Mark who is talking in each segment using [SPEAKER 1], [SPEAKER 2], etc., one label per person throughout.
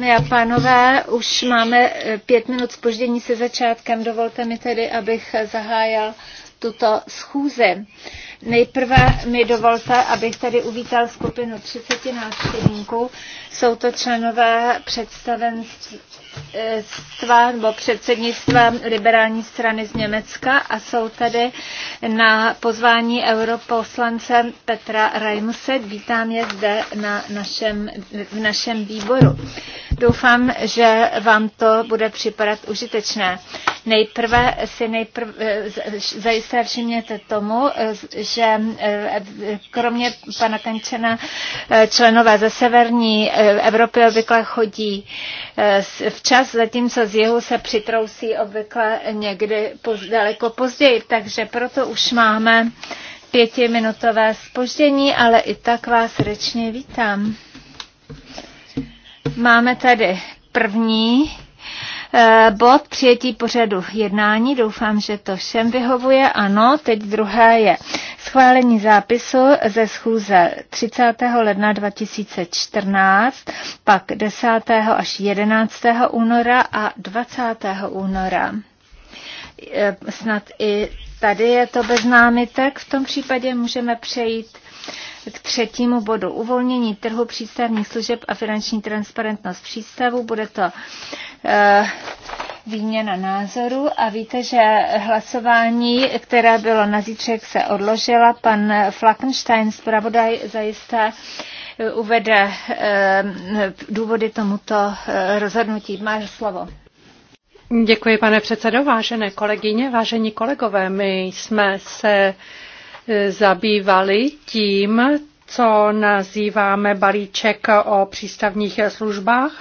[SPEAKER 1] Dámy a pánové, už máme eh, pět minut spoždění se začátkem. Dovolte mi tedy, abych zahájil tuto schůzi. Nejprve mi dovolte, abych tady uvítal skupinu 30 návštěvníků. Jsou to členové představenství předsednictva nebo předsednictva liberální strany z Německa a jsou tady na pozvání europoslance Petra Reimse. Vítám je zde na našem, v našem výboru. Doufám, že vám to bude připadat užitečné. Nejprve si nejprve, eh, zajisté všimněte tomu, eh, že eh, kromě pana Kančena členové ze severní Evropy obvykle chodí v včas, zatímco z jihu se přitrousí obvykle někdy poz, daleko později. Takže proto už máme pětiminutové spoždění, ale i tak vás srdečně vítám. Máme tady první eh, bod přijetí pořadu jednání. Doufám, že to všem vyhovuje. Ano, teď druhé je schválení zápisu ze schůze 30. ledna 2014, pak 10. až 11. února a 20. února. E, snad i tady je to bez námitek. V tom případě můžeme přejít k třetímu bodu. Uvolnění trhu přístavních služeb a finanční transparentnost přístavu. Bude to e, výměna názorů a víte, že hlasování, které bylo na zítřek, se odložila. Pan Flakenstein, Pravodaj zajisté
[SPEAKER 2] eh, uvede eh, důvody tomuto eh, rozhodnutí. Máš slovo. Děkuji, pane předsedo, vážené kolegyně, vážení kolegové. My jsme se zabývali tím, co nazýváme balíček o přístavních službách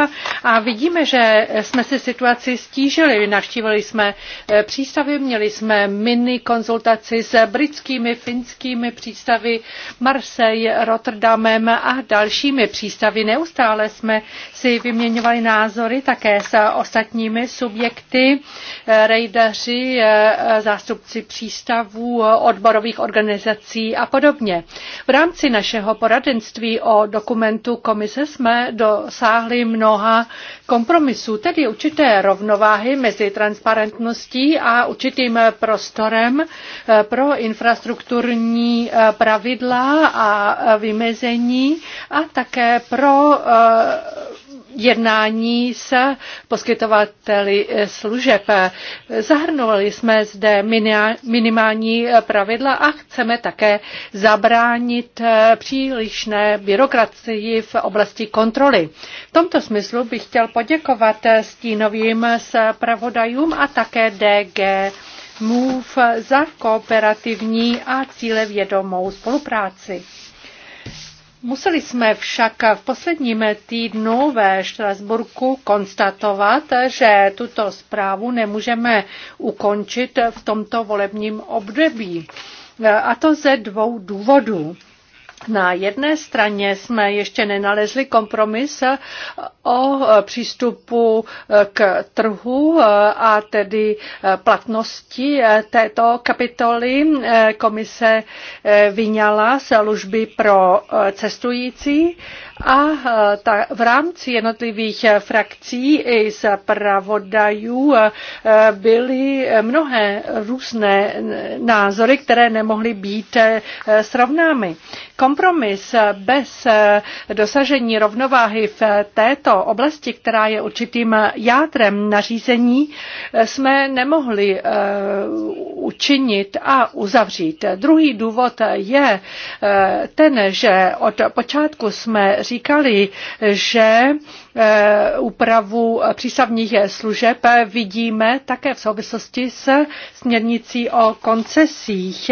[SPEAKER 2] a vidíme, že jsme si situaci stížili. Navštívili jsme eh, přístavy, měli jsme mini konzultaci s britskými, finskými přístavy, Marseille, Rotterdamem a dalšími přístavy. Neustále jsme si vyměňovali názory také s ostatními subjekty, eh, rejdaři, eh, zástupci přístavů, odborových organizací a podobně. V rámci naše našeho poradenství o dokumentu komise jsme dosáhli mnoha kompromisů, tedy určité rovnováhy mezi transparentností a určitým prostorem eh, pro infrastrukturní eh, pravidla a eh, vymezení a také pro jednání s poskytovateli eh, služeb. Zahrnovali jsme zde minimální pravidla a chceme také zabránit eh, přílišné byrokracii v oblasti kontroly. V tomto smyslu bych chtěl poděkovat eh, stínovým zpravodajům a také DG MOVE za kooperativní a cílevědomou spolupráci. Museli jsme však v posledním týdnu ve Štrasburku konstatovat, že tuto zprávu nemůžeme ukončit v tomto volebním období. A to ze dvou důvodů. Na jedné straně jsme ještě nenalezli kompromis o přístupu k trhu a tedy platnosti této kapitoly. Komise vyňala služby pro cestující a ta, v rámci jednotlivých frakcí i zpravodajů byly mnohé různé názory, které nemohly být srovnány. Kompromis bez eh, dosažení rovnováhy v této oblasti, která je určitým jádrem nařízení, eh, jsme nemohli eh, učinit a uzavřít. Druhý důvod je ten, že od počátku jsme říkali, že Eh, úpravu přísavních služeb vidíme také v souvislosti s směrnicí o koncesích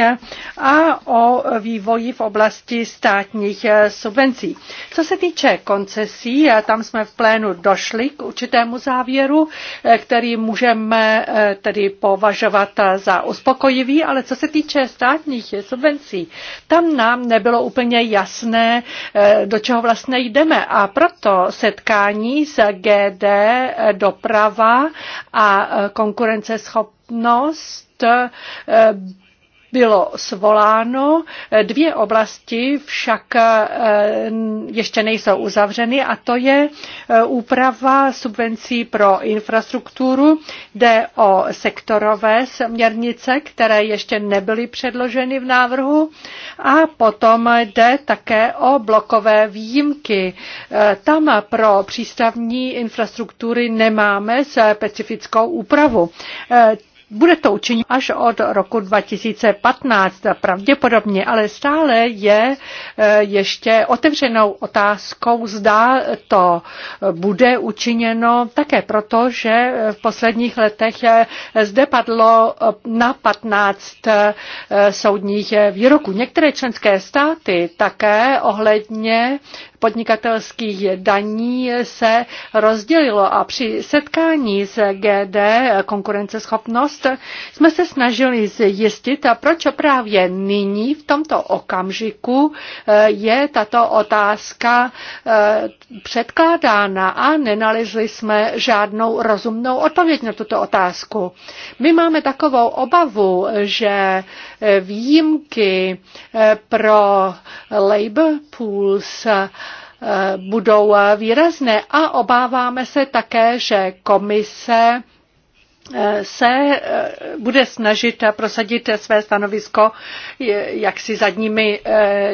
[SPEAKER 2] a o vývoji v oblasti státních subvencí. Co se týče koncesí, eh, tam jsme v plénu došli k určitému závěru, eh, který můžeme tedy považovat za uspokojivý, ale co se týče státních subvencí, tam nám nebylo úplně jasné, do čeho vlastně jdeme a proto setkání jednání s GD doprava a eh, konkurenceschopnost eh, bylo svoláno. Dvě oblasti však eh, ještě nejsou uzavřeny a to je eh, úprava subvencí pro infrastrukturu. Jde o sektorové směrnice, které ještě nebyly předloženy v návrhu a potom jde také o blokové výjimky. Eh, tam pro přístavní infrastruktury nemáme specifickou úpravu. Bude to učiněno až od roku 2015 pravděpodobně, ale stále je e, ještě otevřenou otázkou, zda to bude učiněno také proto, že v posledních letech e, zde padlo na 15 e, soudních výroků. Některé členské státy také ohledně podnikatelských daní se rozdělilo a při setkání s GD konkurenceschopnost jsme se snažili zjistit, proč právě nyní v tomto okamžiku eh, je tato otázka eh, předkládána a nenalezli jsme žádnou rozumnou odpověď na tuto otázku. My máme takovou obavu, že eh, výjimky pro labor pools Eh, budou výrazné a obáváme se také, že komise eh, se eh, bude snažit prosadit své stanovisko jaksi zadními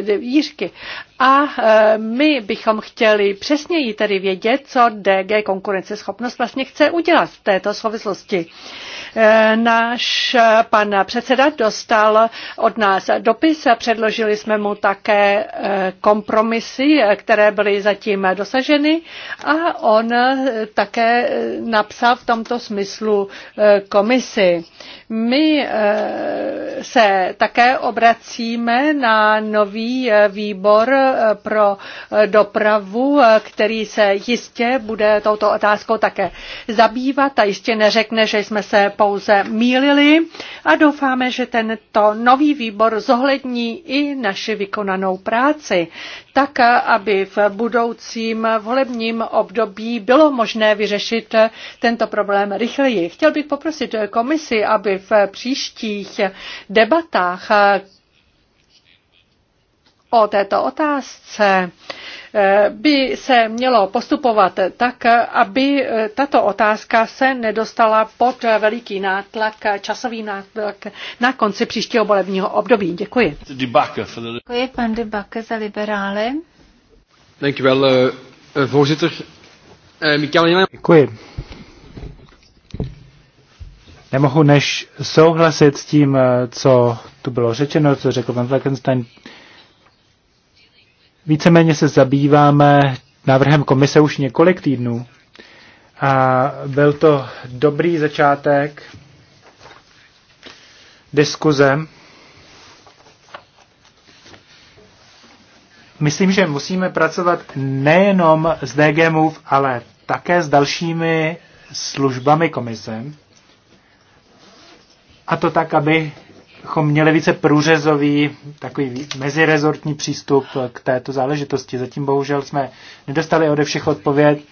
[SPEAKER 2] dvířky. A e, my bychom chtěli přesněji tedy vědět, co DG konkurenceschopnost vlastně chce udělat v této souvislosti. E, náš pan předseda dostal od nás dopis, předložili jsme mu také e, kompromisy, které byly zatím dosaženy a on také napsal v tomto smyslu komisi. My se také obracíme na nový výbor pro dopravu, který se jistě bude touto otázkou také zabývat a jistě neřekne, že jsme se pouze mílili a doufáme, že tento nový výbor zohlední i naši vykonanou práci, tak aby v budoucím volebním období bylo možné vyřešit tento problém rychleji. Chtěl bych poprosit komisi, aby v příštích debatách, o této otázce eh, by se mělo postupovat tak, aby eh, tato otázka se nedostala pod veliký nátlak, časový nátlak na konci příštího volebního období. Děkuji. Děkuji pan Debake za liberály. Eh, Děkuji.
[SPEAKER 3] Nemohu než souhlasit s tím, co tu bylo řečeno, co řekl pan Fleckenstein. Víceméně se zabýváme návrhem komise už několik týdnů. A byl to dobrý začátek diskuze. Myslím, že musíme pracovat nejenom s DG Move, ale také s dalšími službami komise. A to tak, aby bychom měli více průřezový, takový mezirezortní přístup k této záležitosti. Zatím bohužel jsme nedostali ode všech odpověď.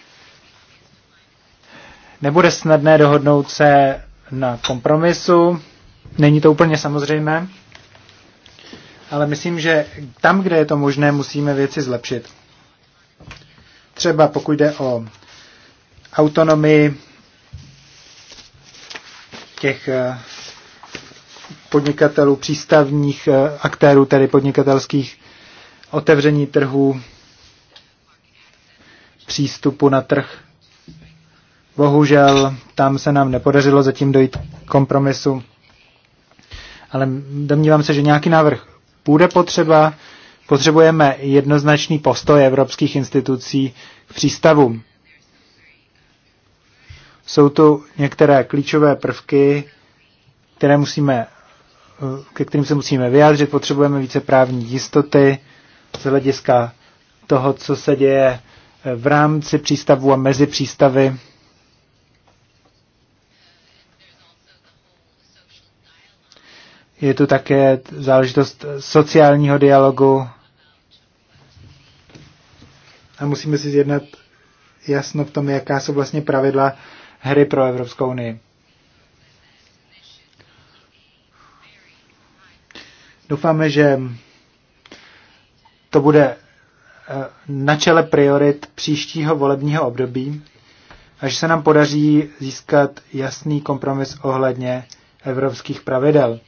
[SPEAKER 3] Nebude snadné dohodnout se na kompromisu. Není to úplně samozřejmé, ale myslím, že tam, kde je to možné, musíme věci zlepšit. Třeba pokud jde o autonomii těch eh, podnikatelů, přístavních eh, aktérů, tedy podnikatelských otevření trhů, přístupu na trh. Bohužel tam se nám nepodařilo zatím dojít kompromisu, ale domnívám se, že nějaký návrh bude potřeba. Potřebujeme jednoznačný postoj evropských institucí k přístavům. Jsou tu některé klíčové prvky, které musíme ke kterým se musíme vyjádřit. Potřebujeme více právní jistoty z hlediska toho, co se děje v rámci přístavu a mezi přístavy. Je tu také záležitost sociálního dialogu a musíme si zjednat jasno v tom, jaká jsou vlastně pravidla hry pro Evropskou unii. Doufáme, že to bude eh, na čele priorit příštího volebního období a že se nám podaří získat jasný kompromis ohledně evropských pravidel,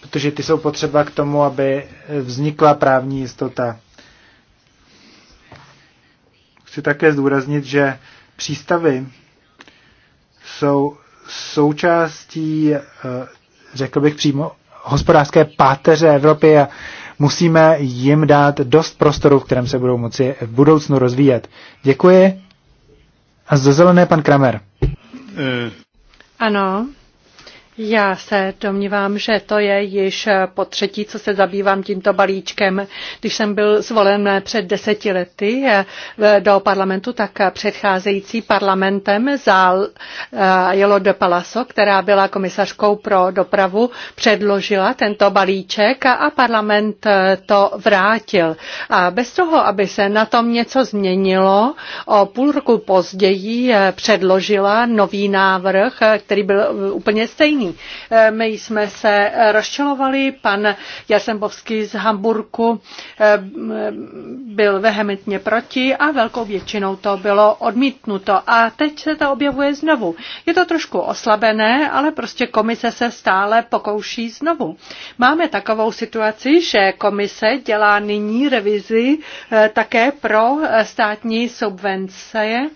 [SPEAKER 3] protože ty jsou potřeba k tomu, aby vznikla právní jistota. Chci také zdůraznit, že přístavy jsou součástí, eh, řekl bych přímo, hospodářské páteře Evropy a musíme jim dát dost prostoru, v kterém se budou moci v budoucnu rozvíjet. Děkuji. A za zelené pan Kramer.
[SPEAKER 2] Ano, já se domnívám, že to je již po třetí, co se zabývám tímto balíčkem. Když jsem byl zvolen před deseti lety eh, do parlamentu, tak předcházející parlamentem zál eh, Jelo de Palaso, která byla komisařkou pro dopravu, předložila tento balíček a parlament eh, to vrátil. A bez toho, aby se na tom něco změnilo, o půl roku později předložila nový návrh, který byl úplně stejný Eh, my jsme se rozčelovali, pan Jasembovský z Hamburku eh, byl vehementně proti a velkou většinou to bylo odmítnuto. A teď se to objevuje znovu. Je to trošku oslabené, ale prostě komise se stále pokouší znovu. Máme takovou situaci, že komise dělá nyní revizi eh, také pro státní subvence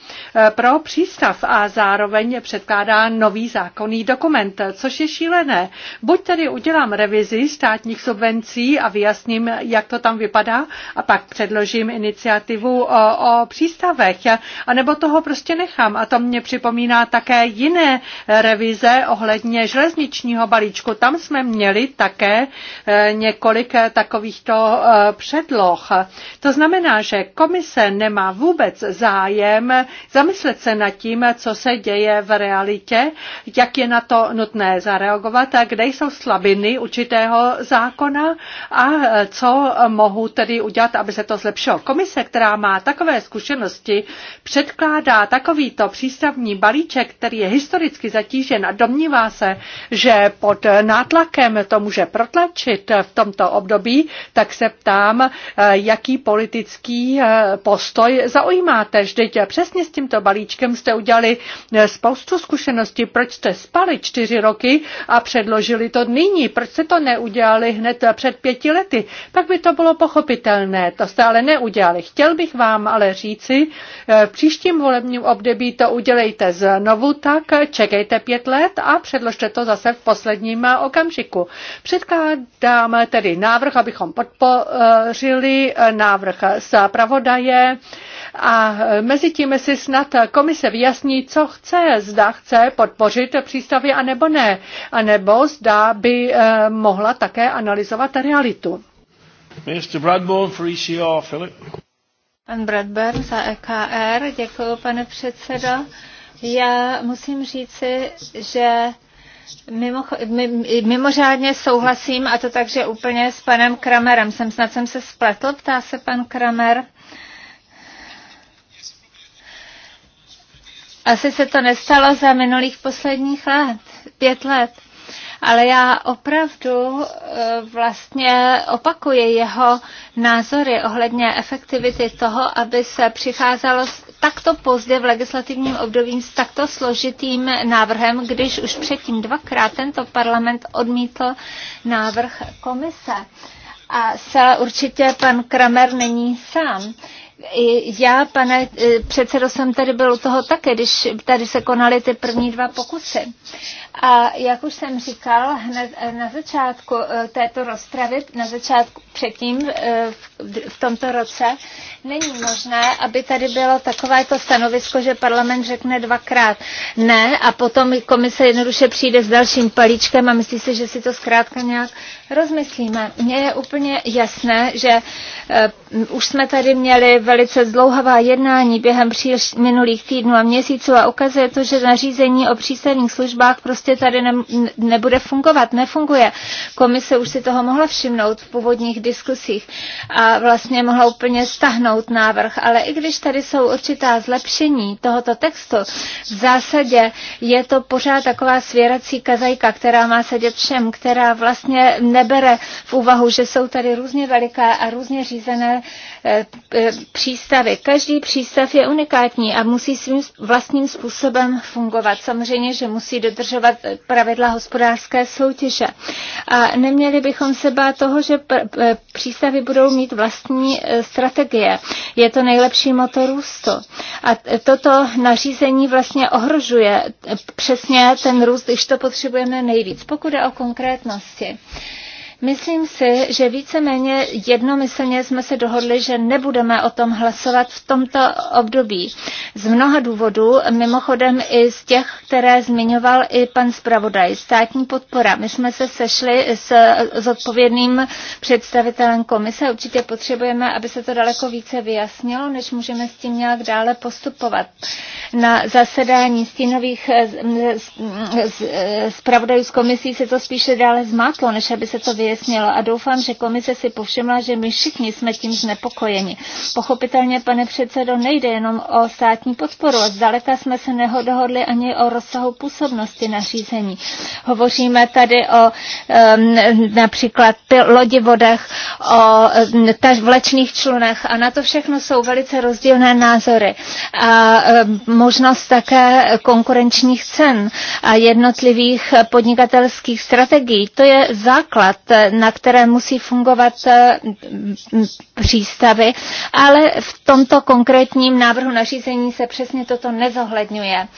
[SPEAKER 2] pro přístav a zároveň předkládá nový zákonný dokument, což je šílené. Buď tedy udělám revizi státních subvencí a vyjasním, jak to tam vypadá, a pak předložím iniciativu o, o přístavech, anebo toho prostě nechám. A to mě připomíná také jiné revize ohledně železničního balíčku. Tam jsme měli také e, několik takovýchto e, předloh. To znamená, že komise nemá vůbec zájem zamyslet se nad tím, co se děje v realitě, jak je na to nutné musíme zareagovat, kde jsou slabiny určitého zákona a co mohu tedy udělat, aby se to zlepšilo. Komise, která má takové zkušenosti, předkládá takovýto přístavní balíček, který je historicky zatížen a domnívá se, že pod nátlakem to může protlačit v tomto období, tak se ptám, jaký politický postoj zaujímáte. Vždyť přesně s tímto balíčkem jste udělali spoustu zkušeností, proč jste spali čtyři roky roky a předložili to nyní. Proč se to neudělali hned před pěti lety? Pak by to bylo pochopitelné. To stále neudělali. Chtěl bych vám ale říci, eh, v příštím volebním období to udělejte znovu tak, čekejte pět let a předložte to zase v posledním okamžiku. Předkládám tedy návrh, abychom podpořili eh, návrh z pravodaje a eh, mezi tím si snad komise vyjasní, co chce, zda chce podpořit přístavy anebo ne jiné, anebo zda by eh, mohla také analyzovat realitu.
[SPEAKER 1] Mr. Bradburn for ECR, Philip. Pan Bradburn za EKR, děkuji pane předsedo. Já musím říci, že Mimo, mimořádně souhlasím, a to takže úplně s panem Kramerem. Jsem snad jsem se spletl, ptá se pan Kramer. Asi se to nestalo za minulých posledních let pět let. Ale já opravdu eh, vlastně opakuji jeho názory ohledně efektivity toho, aby se přicházelo takto pozdě v legislativním období s takto složitým návrhem, když už předtím dvakrát tento parlament odmítl návrh komise. A se určitě pan Kramer není sám. Já, pane e, předsedo, jsem tady byl u toho také, když tady se konaly ty první dva pokusy. A jak už jsem říkal hned e, na začátku e, této rozpravy, na začátku předtím v tomto roce, není možné, aby tady bylo takovéto stanovisko, že parlament řekne dvakrát ne a potom komise jednoduše přijde s dalším palíčkem a myslí si, že si to zkrátka nějak rozmyslíme. Mně je úplně jasné, že eh, už jsme tady měli velice zdlouhavá jednání během příliš minulých týdnů a měsíců a ukazuje to, že nařízení o přístavních službách prostě tady ne, nebude fungovat, nefunguje. Komise už si toho mohla všimnout v původních diskusích a vlastně mohla úplně stahnout návrh, ale i když tady jsou určitá zlepšení tohoto textu, v zásadě je to pořád taková svěrací kazajka, která má sedět všem, která vlastně ne nebere v úvahu, že jsou tady různě veliké a různě řízené eh, eh, přístavy. Každý přístav je unikátní a musí svým vlastním způsobem fungovat. Samozřejmě, že musí dodržovat eh, pravidla hospodářské soutěže. A neměli bychom se bát toho, že přístavy budou mít vlastní strategie. Je to nejlepší motor růstu. A toto nařízení vlastně ohrožuje přesně ten růst, když to potřebujeme nejvíc, pokud je o konkrétnosti. Myslím si, že víceméně jednomyslně jsme se dohodli, že nebudeme o tom hlasovat v tomto období. Z mnoha důvodů, mimochodem i z těch, které zmiňoval i pan zpravodaj. Státní podpora. My jsme se sešli s, s odpovědným představitelem komise. Určitě potřebujeme, aby se to daleko více vyjasnilo, než můžeme s tím nějak dále postupovat. Na zasedání stínových eh, eh, zpravodajů z, z komisí se to spíše dále zmátlo, než aby se to vyjasnilo. A doufám, že komise si povšimla, že my všichni jsme tím znepokojeni. Pochopitelně, pane předsedo, nejde jenom o státní státní podporu a zdaleka jsme se nehodohodli ani o rozsahu působnosti nařízení. Hovoříme tady o um, například lodivodech, o taž vlečných člunech a na to všechno jsou velice rozdílné názory. A um, možnost také konkurenčních cen a jednotlivých podnikatelských strategií. To je základ, na které musí fungovat přístavy, ale v tomto konkrétním návrhu nařízení se přesně toto nezohledňuje.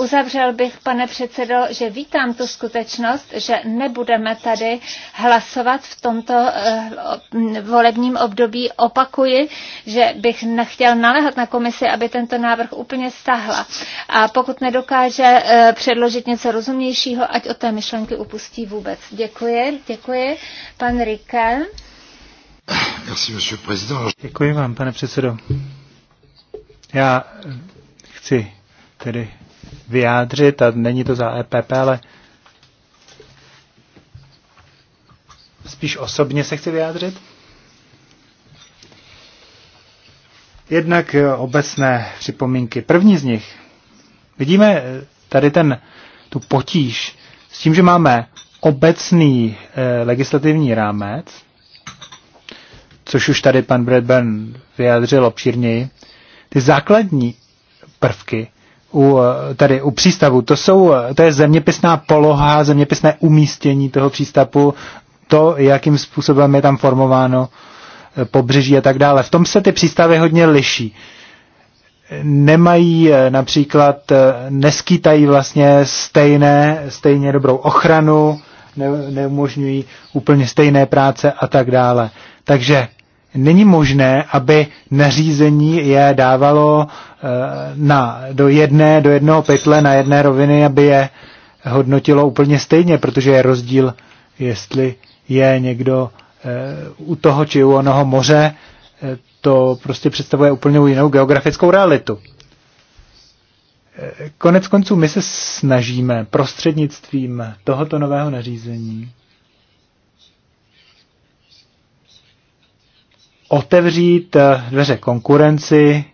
[SPEAKER 1] Uzavřel bych, pane předsedo, že vítám tu skutečnost, že nebudeme tady hlasovat v tomto eh, volebním období. Opakuji, že bych nechtěl naléhat na komisi, aby tento návrh úplně stahla. A pokud nedokáže eh, předložit něco rozumnějšího, ať od té myšlenky upustí vůbec. Děkuji, děkuji. Pan Rikel.
[SPEAKER 3] Děkuji vám, pane předsedo. Já chci tedy vyjádřit, a není to za EPP, ale spíš osobně se chci vyjádřit. Jednak eh, obecné připomínky. První z nich. Vidíme eh, tady ten, tu potíž s tím, že máme obecný e, legislativní rámec, což už tady pan Bradburn vyjádřil obšírněji, ty základní prvky u, eh, tady u přístavu, to, jsou, eh, to je zeměpisná poloha, zeměpisné umístění toho přístavu, to, jakým způsobem je tam formováno eh, pobřeží a tak dále. V tom se ty přístavy hodně liší. Nemají například, neskýtají vlastně stejné, stejně dobrou ochranu, ne, neumožňují úplně stejné práce a tak dále. Takže není možné, aby nařízení je dávalo eh, na, do, jedné, do jednoho pytle, na jedné roviny, aby je hodnotilo úplně stejně, protože je rozdíl, jestli je někdo eh, u toho či u onoho moře, eh, to prostě představuje úplně jinou geografickou realitu. Konec konců my se snažíme prostřednictvím tohoto nového nařízení otevřít eh, dveře konkurenci,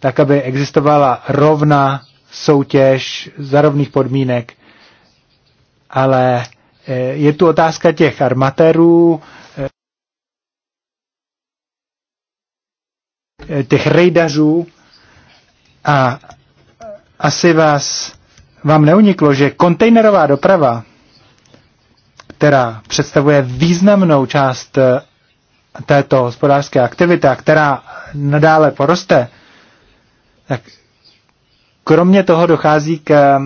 [SPEAKER 3] tak, aby existovala rovná soutěž za rovných podmínek. Ale eh, je tu otázka těch armatérů, eh, těch rejdařů a asi vás, vám neuniklo, že kontejnerová doprava která představuje významnou část eh, této hospodářské aktivity a která nadále poroste, tak kromě toho dochází k eh,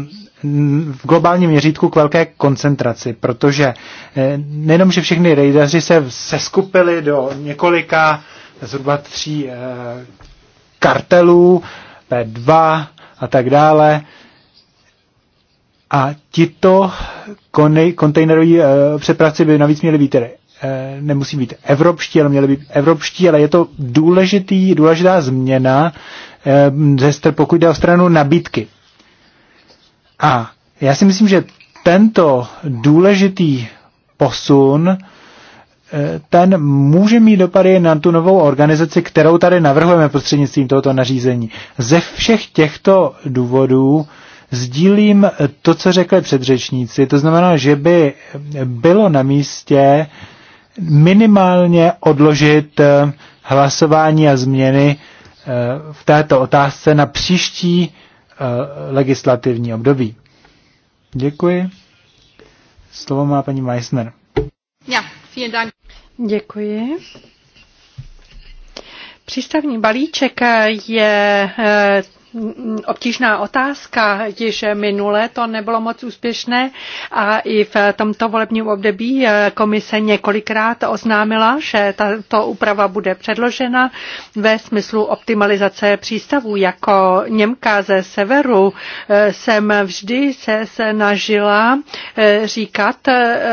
[SPEAKER 3] v globálním měřítku k velké koncentraci, protože eh, nejenom, že všechny rejdaři se seskupili do několika, zhruba tří kartelů, P2 a tak dále, a tito kontejnerové kontejneroví eh, přepravci by navíc měli být tedy eh, nemusí být evropští, ale měli být evropští, ale je to důležitý, důležitá změna, eh, ze, pokud jde o stranu nabídky. A já si myslím, že tento důležitý posun, ten může mít dopady na tu novou organizaci, kterou tady navrhujeme prostřednictvím tohoto nařízení. Ze všech těchto důvodů Sdílím to, co řekli předřečníci, to znamená, že by bylo na místě minimálně odložit eh, hlasování a změny eh, v této otázce na příští eh, legislativní období. Děkuji. Slovo má paní Meissner.
[SPEAKER 2] Ja, vielen Dank. Děkuji. Přístavní balíček je Mm, obtížná otázka, když minule to nebylo moc úspěšné a i v tomto volebním období eh, komise několikrát oznámila, že tato úprava bude předložena ve smyslu optimalizace přístavů. Jako Němka ze severu eh, jsem vždy se snažila eh, říkat,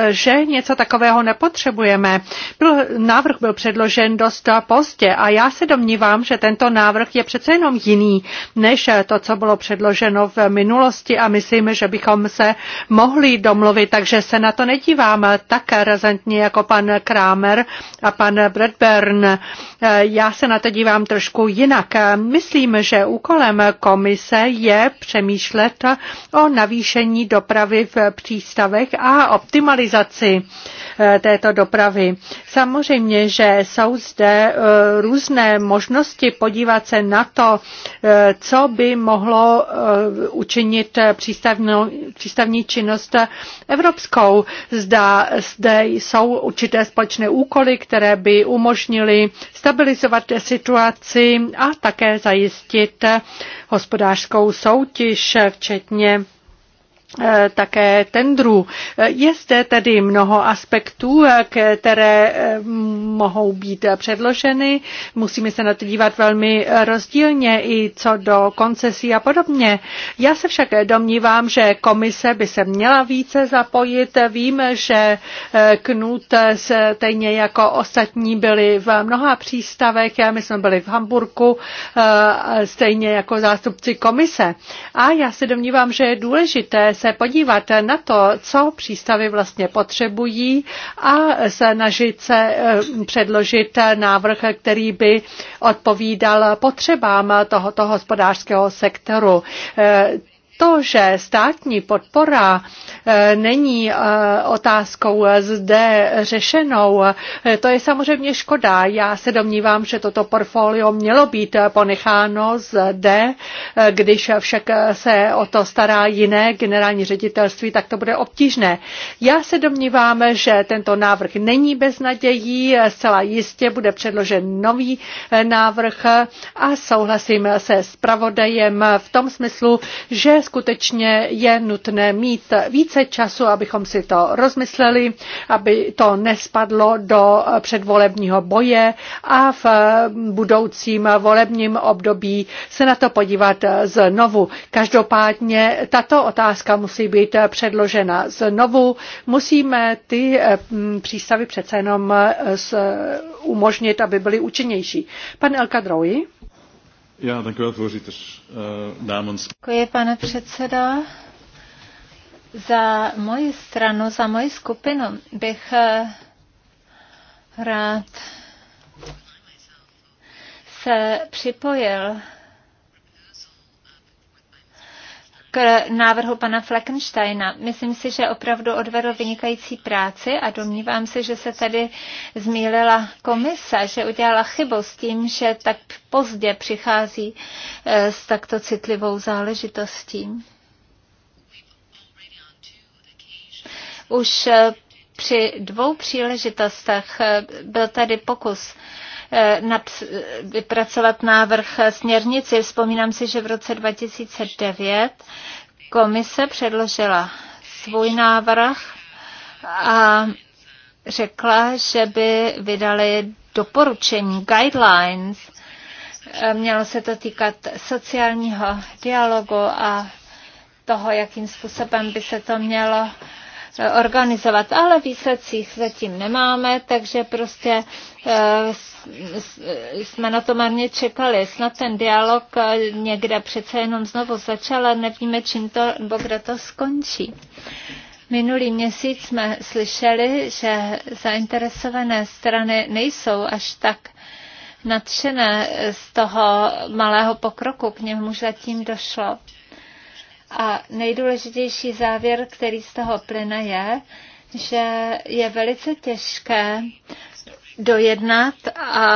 [SPEAKER 2] že něco takového nepotřebujeme. Byl, návrh byl předložen dost pozdě a já se domnívám, že tento návrh je přece jenom jiný, ne než to, co bylo předloženo v minulosti a myslím, že bychom se mohli domluvit, takže se na to nedívám tak razantně jako pan Kramer a pan Bradburn. Já se na to dívám trošku jinak. Myslím, že úkolem komise je přemýšlet o navýšení dopravy v přístavech a optimalizaci eh, této dopravy. Samozřejmě, že jsou zde eh, různé možnosti podívat se na to, eh, co co by mohlo eh, učinit eh, přístavní činnost evropskou. Zda zde jsou určité společné úkoly, které by umožnily stabilizovat situaci a také zajistit hospodářskou soutěž, včetně Eh, také tendrů. Eh, je zde tedy mnoho aspektů, eh, které mohou být předloženy. Musíme se na to dívat velmi rozdílně i co do koncesí a podobně. Já se však domnívám, že komise by se měla více zapojit. Vím, že Knut stejně jako ostatní byli v mnoha přístavech. My jsme byli v Hamburku stejně jako zástupci komise. A já se domnívám, že je důležité se podívat na to, co přístavy vlastně potřebují a snažit se eh, předložit návrh, který by odpovídal potřebám tohoto hospodářského sektoru eh, to, že státní podpora eh, není eh, otázkou zde řešenou, eh, to je samozřejmě škoda. Já se domnívám, že toto portfolio mělo být ponecháno zde, když však se o to stará jiné generální ředitelství, tak to bude obtížné. Já se domnívám, že tento návrh není bez nadějí, zcela jistě bude předložen nový návrh a souhlasím se zpravodajem v tom smyslu, že skutečně je nutné mít více času, abychom si to rozmysleli, aby to nespadlo do předvolebního boje a v budoucím volebním období se na to podívat znovu. Každopádně tato otázka musí být předložena znovu. Musíme ty mm, přístavy přece jenom umožnit, aby byly účinnější. Pan Elka Drouji
[SPEAKER 1] dank u wel, voorzitter. Uh, namens...
[SPEAKER 2] Děkuji, pane předsedo.
[SPEAKER 1] Za moji stranu, za moji skupinu bych eh, rád se připojil k návrhu pana Fleckensteina. Myslím si, že opravdu odvedl vynikající práci a domnívám se, že se tady zmílila komisa, že udělala chybu s tím, že tak pozdě přichází eh, s takto citlivou záležitostí. Už eh, při dvou příležitostech eh, byl tady pokus Eh, vypracovat návrh směrnici. Vzpomínám si, že v roce 2009 komise předložila svůj návrh a řekla, že by vydali doporučení, guidelines. Eh, mělo se to týkat sociálního dialogu a toho, jakým způsobem by se to mělo Eh, organizovat, ale výsledcích zatím nemáme, takže prostě eh, jsme na to marně čekali. Snad ten dialog eh, někde přece jenom znovu začal a nevíme, čím to, nebo kde to skončí. Minulý měsíc jsme slyšeli, že zainteresované strany nejsou až tak nadšené z toho malého pokroku, k němu zatím došlo. A nejdůležitější závěr, který z toho plyne, je, že je velice těžké dojednat a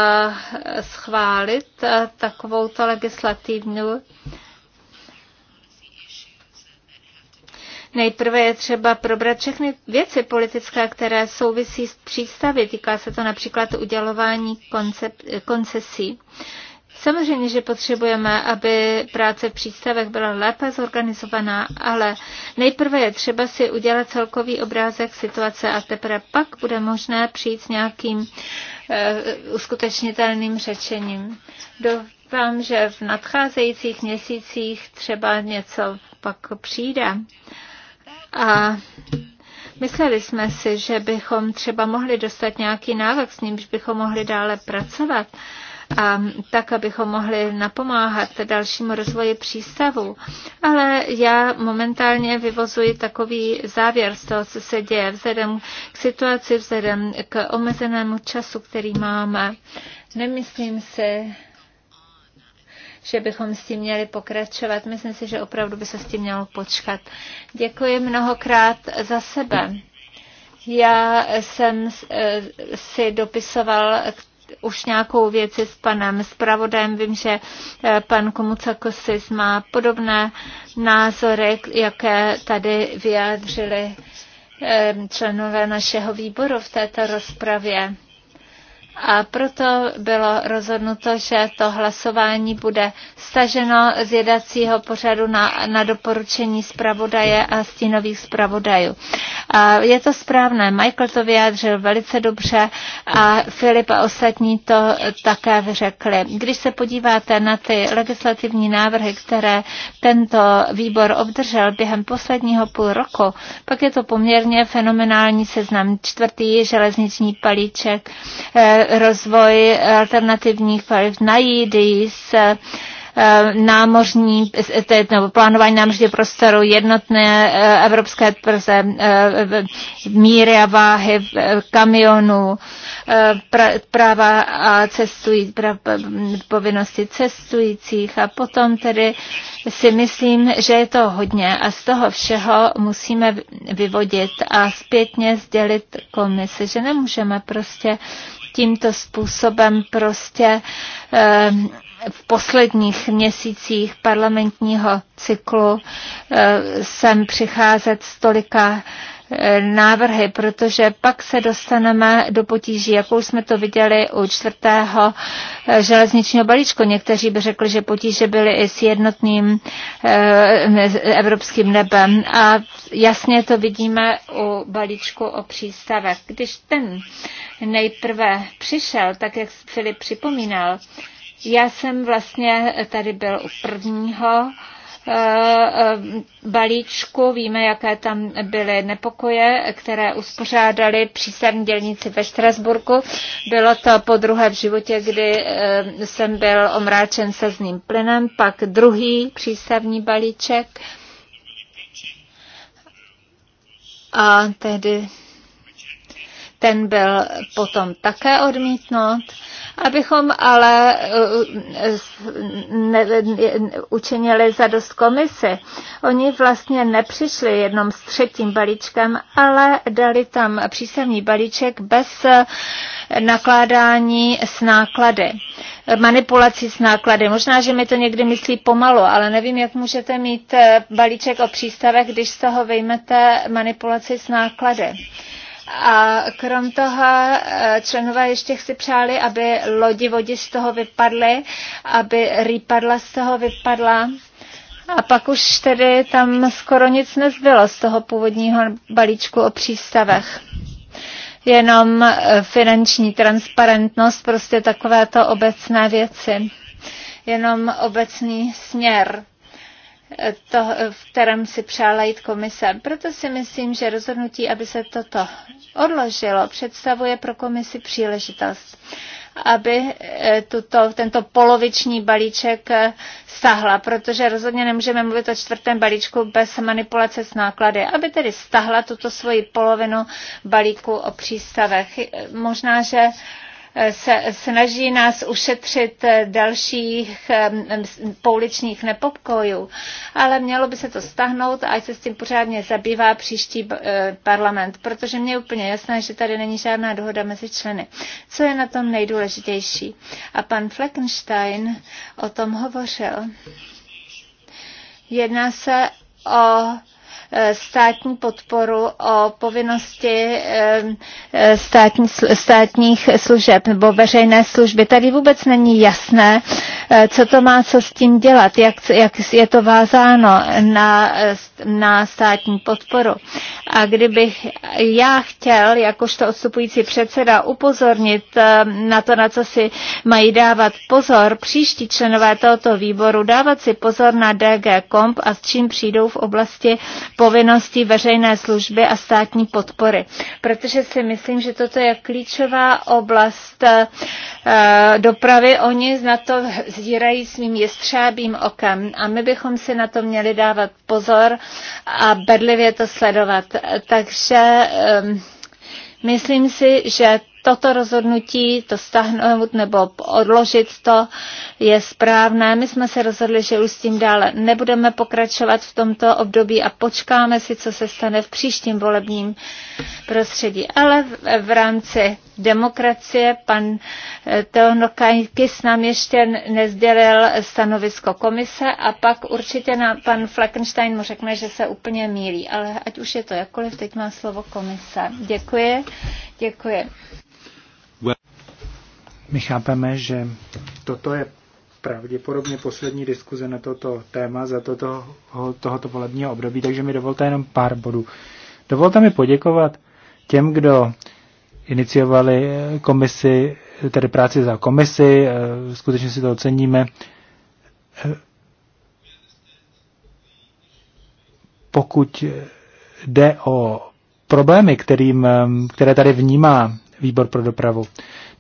[SPEAKER 1] schválit eh, takovouto legislativní. Nejprve je třeba probrat všechny věci politické, které souvisí s přístavy. Týká se to například udělování koncep- eh, koncesí. Samozřejmě, že potřebujeme, aby práce v přístavech byla lépe zorganizovaná, ale nejprve je třeba si udělat celkový obrázek situace a teprve pak bude možné přijít s nějakým eh, uskutečnitelným řečením. Doufám, že v nadcházejících měsících třeba něco pak přijde. A Mysleli jsme si, že bychom třeba mohli dostat nějaký návrh, s nímž bychom mohli dále pracovat, a tak, abychom mohli napomáhat dalšímu rozvoji přístavu. Ale já momentálně vyvozuji takový závěr z toho, co se děje vzhledem k situaci, vzhledem k omezenému času, který máme. Nemyslím si, že bychom s tím měli pokračovat. Myslím si, že opravdu by se s tím mělo počkat. Děkuji mnohokrát za sebe. Já jsem eh, si dopisoval k už nějakou věci s panem zpravodajem. Vím, že eh, pan Komucakosis má podobné názory, jaké tady vyjádřili eh, členové našeho výboru v této rozpravě a proto bylo rozhodnuto, že to hlasování bude staženo z jedacího pořadu na, na doporučení zpravodaje a stínových zpravodajů. A je to správné, Michael to vyjádřil velice dobře a Filip a ostatní to také vyřekli. Když se podíváte na ty legislativní návrhy, které tento výbor obdržel během posledního půl roku, pak je to poměrně fenomenální seznam. Čtvrtý železniční palíček, rozvoj alternativních paliv na JIDIS, eh, námořní, nebo plánování námořního prostoru, jednotné eh, evropské prze, eh, míry a váhy kamionů, práva a cestují, povinnosti cestujících a potom tedy si myslím, že je to hodně a z toho všeho musíme vyvodit a zpětně sdělit komisi, že nemůžeme prostě tímto způsobem prostě eh, v posledních měsících parlamentního cyklu eh, sem přicházet s tolika návrhy, protože pak se dostaneme do potíží, jakou jsme to viděli u čtvrtého eh, železničního balíčku. Někteří by řekli, že potíže byly i s jednotným eh, evropským nebem. A jasně to vidíme u balíčku o přístavech. Když ten nejprve přišel, tak jak Filip připomínal, já jsem vlastně tady byl u prvního Eh, eh, balíčku. Víme, jaké tam byly nepokoje, které uspořádali přístavní dělníci ve Štrasburku. Bylo to po druhé v životě, kdy eh, jsem byl omráčen se zným plynem, pak druhý přístavní balíček. A tehdy ten byl potom také odmítnut abychom ale eh, učinili za dost komisy. Oni vlastně nepřišli jednom s třetím balíčkem, ale dali tam přísevní balíček bez eh, nakládání s náklady manipulací s náklady. Možná, že mi to někdy myslí pomalu, ale nevím, jak můžete mít eh, balíček o přístavech, když z toho vejmete manipulaci s náklady. A krom toho eh, členové ještě chci přáli, aby lodi vodi z toho vypadly, aby rýpadla z toho vypadla. A pak už tedy tam skoro nic nezbylo z toho původního balíčku o přístavech jenom eh, finanční transparentnost, prostě takovéto obecné věci, jenom obecný směr to, v kterém si přála jít komise. Proto si myslím, že rozhodnutí, aby se toto odložilo, představuje pro komisi příležitost aby e, tuto, tento poloviční balíček e, stahla, protože rozhodně nemůžeme mluvit o čtvrtém balíčku bez manipulace s náklady, aby tedy stahla tuto svoji polovinu balíku o přístavech. E, možná, že se snaží nás ušetřit dalších pouličních nepokojů, ale mělo by se to stahnout a ať se s tím pořádně zabývá příští eh, parlament, protože mě je úplně jasné, že tady není žádná dohoda mezi členy. Co je na tom nejdůležitější? A pan Fleckenstein o tom hovořil. Jedná se o Eh, státní podporu o povinnosti eh, eh, státní, státních služeb nebo veřejné služby. Tady vůbec není jasné, co to má co s tím dělat, jak, jak je to vázáno na, na státní podporu. A kdybych já chtěl, jakožto odstupující předseda, upozornit na to, na co si mají dávat pozor příští členové tohoto výboru, dávat si pozor na DG Komp a s čím přijdou v oblasti povinností veřejné služby a státní podpory. Protože si myslím, že toto je klíčová oblast eh, dopravy. Oni na to zírají svým jestřábým okem a my bychom si na to měli dávat pozor a bedlivě to sledovat. Takže ehm, Myslím si, že toto rozhodnutí, to stáhnout nebo odložit to, je správné. My jsme se rozhodli, že už s tím dále nebudeme pokračovat v tomto období a počkáme si, co se stane v příštím volebním prostředí. Ale v, v rámci demokracie pan eh, Kajkis nám ještě nezdělil stanovisko komise a pak určitě nám pan Fleckenstein mu řekne, že se úplně mílí. Ale ať už je to jakkoliv, teď má slovo komise. Děkuji. Děkuji.
[SPEAKER 3] My chápeme, že toto je pravděpodobně poslední diskuze na toto téma za toto, tohoto volebního období, takže mi dovolte jenom pár bodů. Dovolte mi poděkovat těm, kdo iniciovali eh, komisi, tedy práci za komisi, eh, skutečně si to oceníme. Eh, pokud jde o problémy, kterým, které tady vnímá výbor pro dopravu,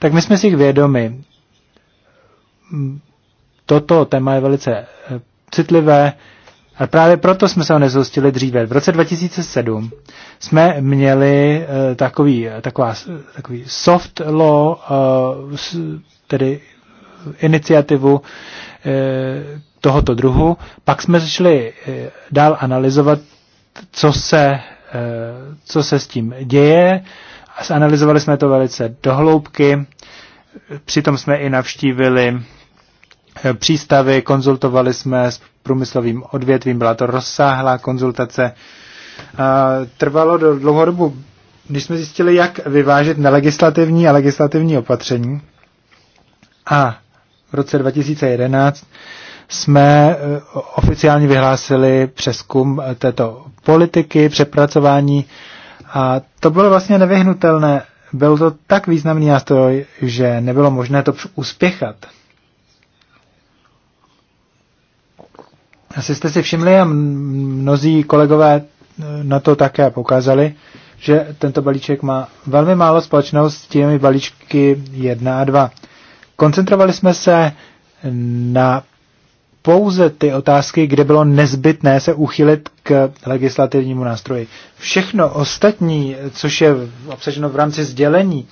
[SPEAKER 3] tak my jsme si jich vědomi. Toto téma je velice eh, citlivé, ale právě proto jsme se ho nezhostili dříve. V roce 2007 jsme měli eh, takový, eh, taková, takový soft law, tedy iniciativu tohoto druhu. Pak jsme začali dál analyzovat, co se, co se s tím děje. Zanalizovali jsme to velice dohloubky Přitom jsme i navštívili eh, přístavy, konzultovali jsme s průmyslovým odvětvím, byla to rozsáhlá konzultace. Trvalo do dlouhodobu, dobu, když jsme zjistili, jak vyvážet nelegislativní a legislativní opatření. A v roce 2011 jsme eh, oficiálně vyhlásili přeskum eh, této politiky, přepracování a to bylo vlastně nevyhnutelné, byl to tak významný nástroj, že nebylo možné to uspěchat. Asi jste si všimli a mnozí kolegové eh, na to také pokázali, že tento balíček má velmi málo společného s těmi balíčky 1 a 2. Koncentrovali jsme se na pouze ty otázky, kde bylo nezbytné se uchylit k legislativnímu nástroji. Všechno ostatní, což je obsaženo v rámci sdělení,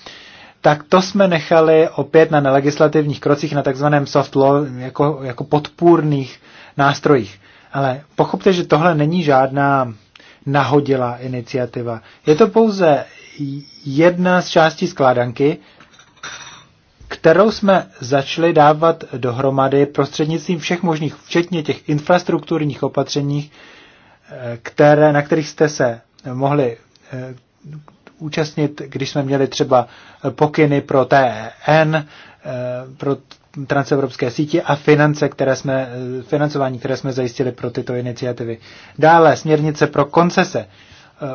[SPEAKER 3] tak to jsme nechali opět na nelegislativních krocích, na takzvaném soft law, jako, jako podpůrných nástrojích. Ale pochopte, že tohle není žádná nahodila iniciativa. Je to pouze jedna z částí skládanky, kterou jsme začali dávat dohromady prostřednictvím všech možných, včetně těch infrastrukturních opatření, eh, které, na kterých jste se mohli eh, účastnit, když jsme měli třeba pokyny pro TEN, eh, pro transevropské sítě a finance, které jsme, financování, které jsme zajistili pro tyto iniciativy. Dále směrnice pro koncese,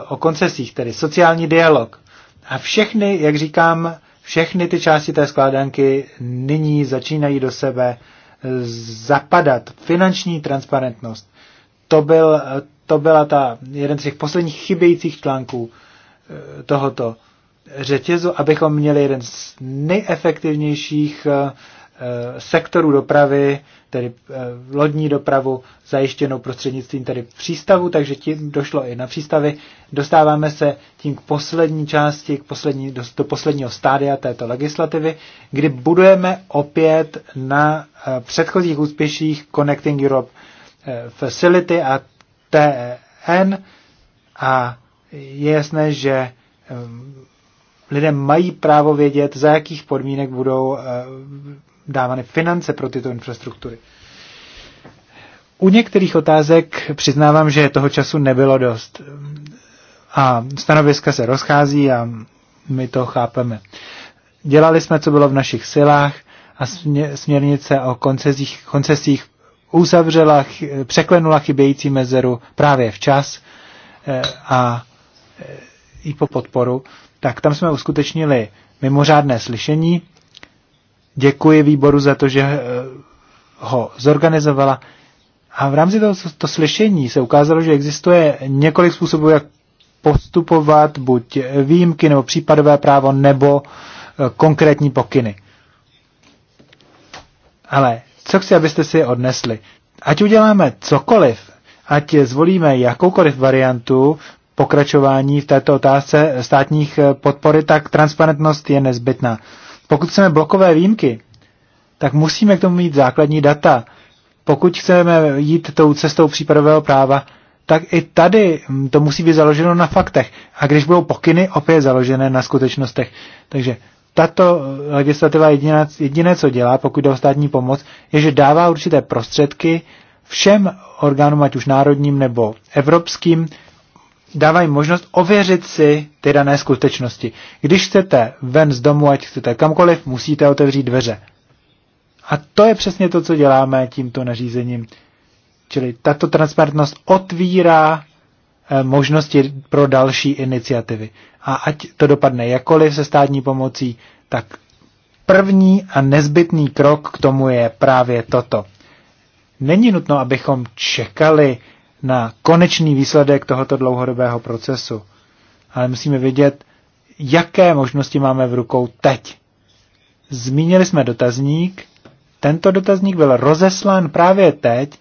[SPEAKER 3] o koncesích, tedy sociální dialog. A všechny, jak říkám, všechny ty části té skládanky nyní začínají do sebe zapadat. Finanční transparentnost. To, byl, to byla ta, jeden z těch posledních chybějících článků eh, tohoto řetězu, abychom měli jeden z nejefektivnějších eh, Eh, sektoru dopravy, tedy eh, lodní dopravu, zajištěnou prostřednictvím tedy přístavu, takže tím došlo i na přístavy. Dostáváme se tím k poslední části, k poslední, do, do posledního stádia této legislativy, kdy budujeme opět na eh, předchozích úspěších Connecting Europe Facility a TEN a je jasné, že lidé mají právo vědět, za jakých podmínek budou dávány finance pro tyto infrastruktury. U některých otázek přiznávám, že toho času nebylo dost. A stanoviska se rozchází a my to chápeme. Dělali jsme, co bylo v našich silách a směrnice o koncesích, koncesích uzavřela, překlenula chybějící mezeru právě včas eh, a eh, i po podporu, tak tam jsme uskutečnili mimořádné slyšení Děkuji výboru za to, že eh, ho zorganizovala. A v rámci toho to slyšení se ukázalo, že existuje několik způsobů, jak postupovat, buď výjimky nebo případové právo, nebo eh, konkrétní pokyny. Ale co chci, abyste si odnesli? Ať uděláme cokoliv, ať zvolíme jakoukoliv variantu pokračování v této otázce státních eh, podpory, tak transparentnost je nezbytná. Pokud chceme blokové výjimky, tak musíme k tomu mít základní data. Pokud chceme jít tou cestou případového práva, tak i tady to musí být založeno na faktech. A když budou pokyny, opět založené na skutečnostech. Takže tato legislativa jediné, jediné, co dělá, pokud jde o státní pomoc, je, že dává určité prostředky všem orgánům, ať už národním nebo evropským, dávají možnost ověřit si ty dané skutečnosti. Když chcete ven z domu, ať chcete kamkoliv, musíte otevřít dveře. A to je přesně to, co děláme tímto nařízením. Čili tato transparentnost otvírá eh, možnosti pro další iniciativy. A ať to dopadne jakkoliv se státní pomocí, tak první a nezbytný krok k tomu je právě toto. Není nutno, abychom čekali na konečný výsledek tohoto dlouhodobého procesu. Ale musíme vědět, jaké možnosti máme v rukou teď. Zmínili jsme dotazník. Tento dotazník byl rozeslán právě teď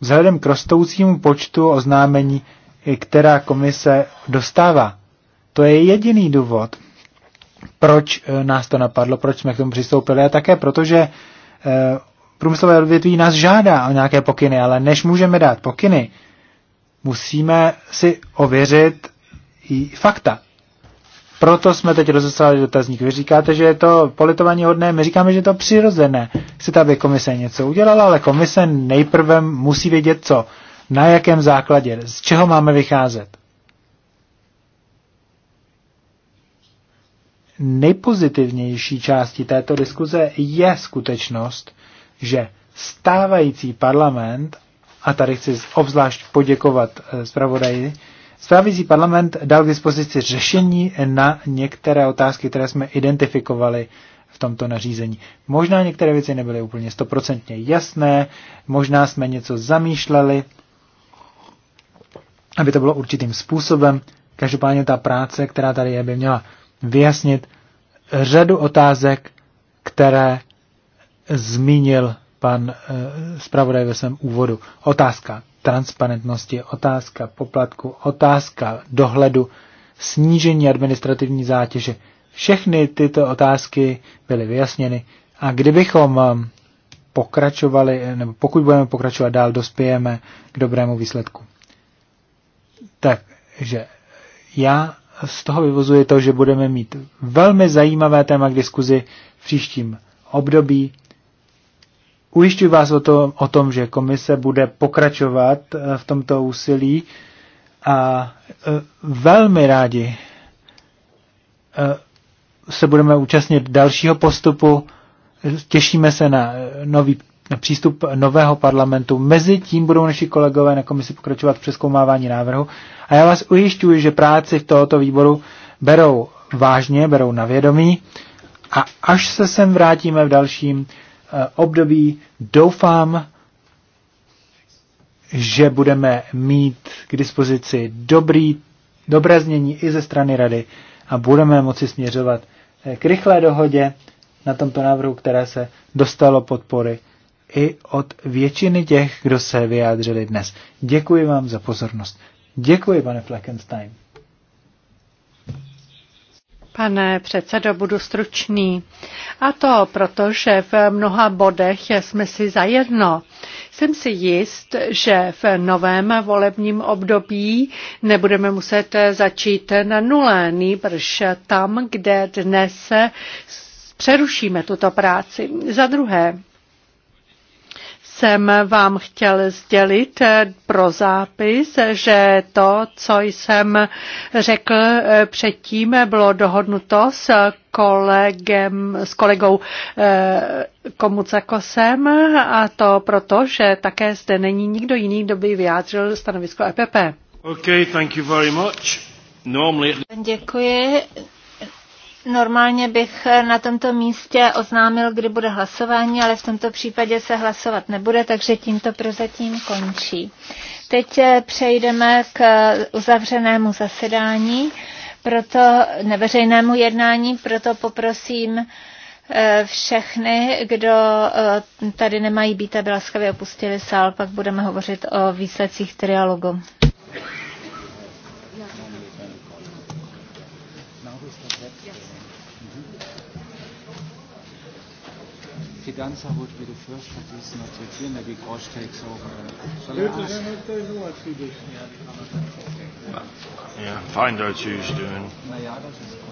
[SPEAKER 3] vzhledem k rostoucímu počtu oznámení, která komise dostává. To je jediný důvod, proč eh, nás to napadlo, proč jsme k tomu přistoupili a také proto, že eh, průmyslové odvětví nás žádá o nějaké pokyny, ale než můžeme dát pokyny, musíme si ověřit i fakta. Proto jsme teď rozeslali dotazník. Vy říkáte, že je to politování hodné, my říkáme, že je to přirozené. Chcete, aby komise něco udělala, ale komise nejprve musí vědět co, na jakém základě, z čeho máme vycházet. Nejpozitivnější částí této diskuze je skutečnost, že stávající parlament, a tady chci obzvlášť poděkovat eh, zpravodaji, Stávající parlament dal k dispozici řešení na některé otázky, které jsme identifikovali v tomto nařízení. Možná některé věci nebyly úplně stoprocentně jasné, možná jsme něco zamýšleli, aby to bylo určitým způsobem. Každopádně ta práce, která tady je, by měla vyjasnit řadu otázek, které zmínil pan eh, zpravodaj ve svém úvodu. Otázka transparentnosti, otázka poplatku, otázka dohledu, snížení administrativní zátěže. Všechny tyto otázky byly vyjasněny a kdybychom eh, pokračovali, eh, nebo pokud budeme pokračovat dál, dospějeme k dobrému výsledku. Takže já z toho vyvozuji to, že budeme mít velmi zajímavé téma k diskuzi v příštím období Ujišťuji vás o, to, o tom, že komise bude pokračovat eh, v tomto úsilí a eh, velmi rádi eh, se budeme účastnit dalšího postupu. Těšíme se na nový na přístup nového parlamentu. Mezi tím budou naši kolegové na komisi pokračovat v přeskoumávání návrhu. A já vás ujišťuji, že práci v tohoto výboru berou vážně, berou na vědomí. A až se sem vrátíme v dalším Eh, období. Doufám, že budeme mít k dispozici dobrý, dobré znění i ze strany rady a budeme moci směřovat eh, k rychlé dohodě na tomto návrhu, které se dostalo podpory i od většiny těch, kdo se vyjádřili dnes. Děkuji vám za pozornost. Děkuji, pane Fleckenstein.
[SPEAKER 2] Pane předsedo, budu stručný. A to proto, že v mnoha bodech jsme si zajedno. Jsem si jist, že v novém volebním období nebudeme muset začít na nulé, nýbrž tam, kde dnes přerušíme tuto práci. Za druhé, jsem vám chtěl sdělit pro zápis, že to, co jsem řekl předtím, bylo dohodnuto s kolegem, s kolegou eh, Komucakosem a to proto, že také zde není nikdo jiný, kdo by vyjádřil stanovisko EPP.
[SPEAKER 1] Okay, thank you very much. Normally...
[SPEAKER 2] Děkuji.
[SPEAKER 1] Normálně bych na tomto místě oznámil, kdy bude hlasování, ale v tomto případě se hlasovat nebude, takže tímto prozatím končí. Teď eh, přejdeme k uzavřenému zasedání, proto neveřejnému jednání, proto poprosím eh, všechny, kdo eh, tady nemají být, aby laskavě opustili sál, pak budeme hovořit o výsledcích trialogu.
[SPEAKER 3] Fidanza would be the first, but he's not yet here. Grosch takes over. Shall I Ja, ja,